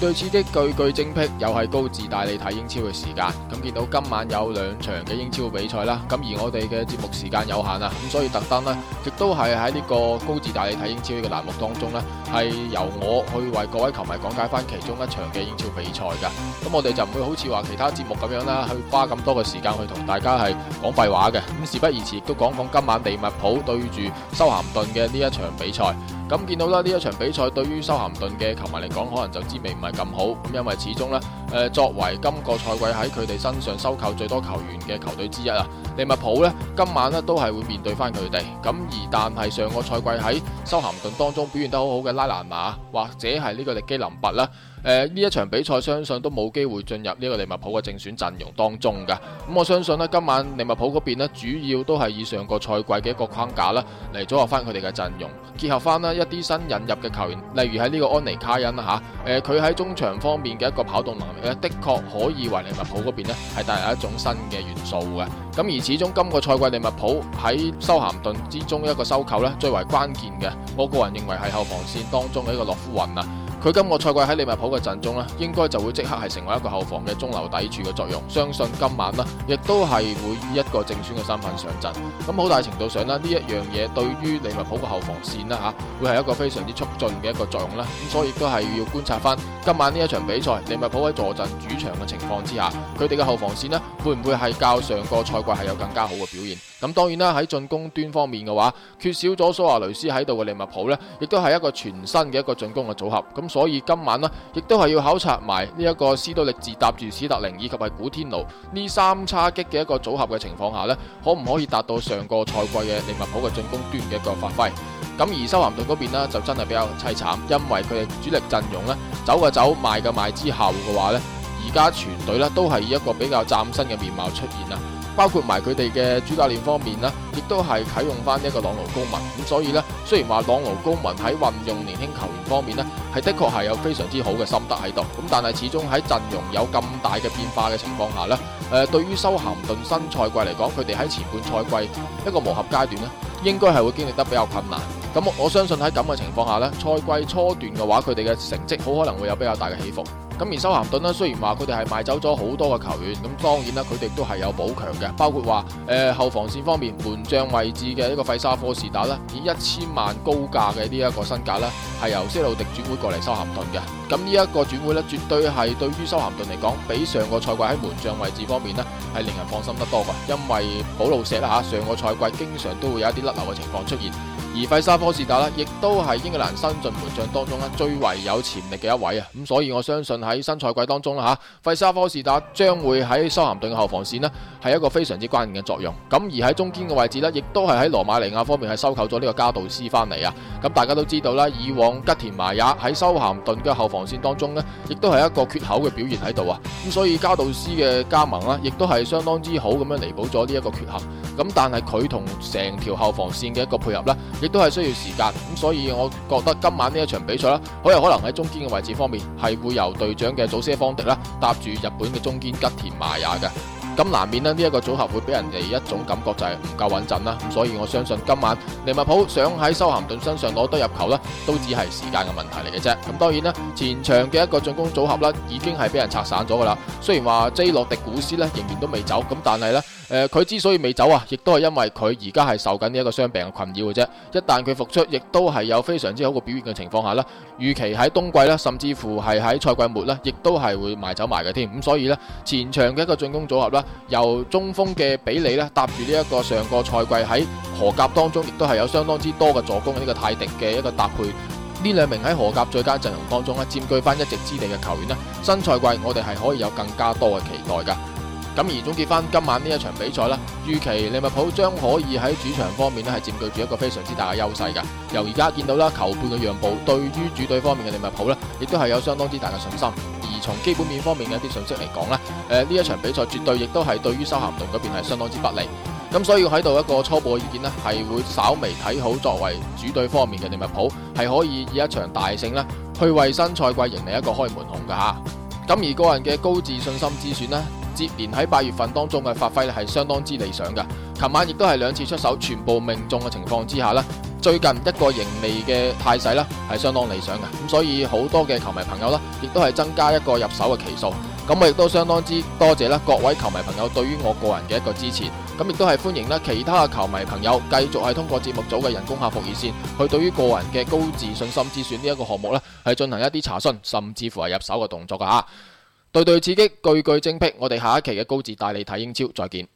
對刺激句句精辟，又係高治帶你睇英超嘅時間。咁見到今晚有兩場嘅英超比賽啦，咁而我哋嘅節目時間有限啊，咁所以特登呢，亦都係喺呢個高治帶你睇英超嘅欄目當中呢，係由我去為各位球迷講解翻其中一場嘅英超比賽噶。咁我哋就唔會好似話其他節目咁樣啦，去花咁多嘅時間去同大家係講廢話嘅。咁事不宜遲，都講講今晚利物浦對住修咸頓嘅呢一場比賽。咁見到啦，呢一場比賽對於修咸頓嘅球迷嚟講，可能就滋味唔係咁好。咁因為始終咧，誒作為今個賽季喺佢哋身上收購最多球員嘅球隊之一啊，利物浦咧今晚咧都係會面對翻佢哋。咁而但係上個賽季喺修咸頓當中表現得好好嘅拉蘭馬，或者係呢個力基林拔啦。誒，呢一場比賽相信都冇機會進入呢個利物浦嘅正選陣容當中噶。咁我相信呢今晚利物浦嗰邊呢，主要都係以上個賽季嘅一個框架啦，嚟組合翻佢哋嘅陣容，結合翻啦一啲新引入嘅球員，例如喺呢個安尼卡因啦嚇。誒，佢喺中場方面嘅一個跑動能力呢的確可以為利物浦嗰邊咧係帶嚟一種新嘅元素嘅。咁而始終今個賽季利物浦喺修咸頓之中一個收購呢最為關鍵嘅，我個人認為係後防線當中嘅一個洛夫雲啊。佢今個賽季喺利物浦嘅陣中咧，應該就會即刻係成為一個後防嘅中流砥柱嘅作用。相信今晚呢，亦都係會以一個正選嘅身份上陣。咁好大程度上啦，呢一樣嘢對於利物浦嘅後防線啦吓，會係一個非常之促進嘅一個作用啦。咁所以亦都係要觀察翻今晚呢一場比賽，利物浦喺坐陣主場嘅情況之下，佢哋嘅後防線咧會唔會係較上個賽季係有更加好嘅表現？咁當然啦，喺進攻端方面嘅話，缺少咗蘇華雷斯喺度嘅利物浦呢，亦都係一個全新嘅一個進攻嘅組合。咁所以今晚呢，亦都係要考察埋呢一個斯多力治搭住史特靈以及係古天奴呢三叉戟嘅一個組合嘅情況下呢，可唔可以達到上個賽季嘅利物浦嘅進攻端嘅一個發揮？咁而修格蘭嗰邊呢，就真係比較淒慘，因為佢嘅主力陣容呢，走嘅走，賣嘅賣之後嘅話呢。而家全隊咧都係以一個比較嶄新嘅面貌出現啦，包括埋佢哋嘅主教練方面啦，亦都係啟用翻一個朗奴高文。咁所以呢，雖然話朗奴高文喺運用年輕球員方面呢，係的確係有非常之好嘅心得喺度，咁但係始終喺陣容有咁大嘅變化嘅情況下咧，誒，對於修咸頓新賽季嚟講，佢哋喺前半賽季一個磨合階段呢，應該係會經歷得比較困難。咁我相信喺咁嘅情況下咧，賽季初段嘅話，佢哋嘅成績好可能會有比較大嘅起伏。咁而修咸頓呢，雖然話佢哋係賣走咗好多嘅球員。咁當然啦，佢哋都係有補強嘅，包括話誒、呃、後防線方面門將位置嘅一個費沙科士達啦，以一千萬高價嘅呢一個身價呢係由西路迪轉會過嚟修咸頓嘅。咁呢一個轉會呢絕對係對於修咸頓嚟講，比上個賽季喺門將位置方面呢係令人放心得多嘅，因為保路社啦吓，上個賽季經常都會有一啲甩漏嘅情況出現。而費沙科士達亦都係英格蘭新晉門將當中最為有潛力嘅一位啊，咁所以我相信喺新賽季當中吓，費沙科士達將會喺修咸頓嘅後防線呢係一個非常之關鍵嘅作用。咁而喺中堅嘅位置亦都係喺羅馬尼亞方面係收購咗呢個加杜斯翻嚟啊。咁大家都知道啦，以往吉田麻也喺修咸頓嘅後防線當中亦都係一個缺口嘅表現喺度啊。咁所以加杜斯嘅加盟亦都係相當之好咁樣彌補咗呢一個缺陷。咁但係佢同成條後防線嘅一個配合呢，亦都係需要時間。咁所以我覺得今晚呢一場比賽啦，好有可能喺中堅嘅位置方面係會由隊長嘅祖斯方迪啦搭住日本嘅中堅吉田麻也嘅。咁難免呢，呢、呢、一個組合會俾人哋一種感覺就係唔夠穩陣啦。咁所以我相信今晚利物浦想喺修咸頓身上攞得入球呢，都只係時間嘅問題嚟嘅啫。咁當然啦，前場嘅一個進攻組合呢已經係俾人拆散咗噶啦。雖然話 J 洛迪古斯呢仍然都未走，咁但係呢，佢、呃、之所以未走啊，亦都係因為佢而家係受緊呢一個傷病嘅困擾嘅啫。一旦佢復出，亦都係有非常之好嘅表現嘅情況下啦。預期喺冬季啦，甚至乎係喺賽季末咧，亦都係會賣走埋嘅添。咁所以呢，前場嘅一個進攻組合啦。由中鋒嘅比利咧搭住呢一個上個賽季喺荷甲當中亦都係有相當之多嘅助攻嘅呢個泰迪嘅一個搭配，呢兩名喺荷甲最佳陣容當中咧佔據翻一席之地嘅球員咧，新賽季我哋係可以有更加多嘅期待噶。咁而總結翻今晚呢一場比賽啦，預期利物浦將可以喺主場方面呢係佔據住一個非常之大嘅優勢嘅。由而家見到啦，球半嘅讓步對於主隊方面嘅利物浦呢，亦都係有相當之大嘅信心。而從基本面方面嘅一啲信息嚟講咧，呢一場比賽絕對亦都係對於修咸頓嗰邊係相當之不利。咁所以喺度一個初步嘅意見呢，係會稍微睇好作為主隊方面嘅利物浦，係可以以一場大勝咧去為新賽季迎嚟一個開門紅㗎。吓。咁而個人嘅高自信心之選呢。接連喺八月份當中嘅發揮係相當之理想嘅，琴晚亦都係兩次出手全部命中嘅情況之下呢，最近一個盈利嘅態勢呢係相當理想嘅，咁所以好多嘅球迷朋友呢，亦都係增加一個入手嘅期數，咁我亦都相當之多謝啦各位球迷朋友對於我個人嘅一個支持，咁亦都係歡迎啦其他嘅球迷朋友繼續係通過節目組嘅人工客服熱線，去對於個人嘅高自信心之選呢一個項目呢，係進行一啲查詢，甚至乎係入手嘅動作嘅。吓。對對刺激，句句精辟。我哋下一期嘅高治帶你睇英超，再見。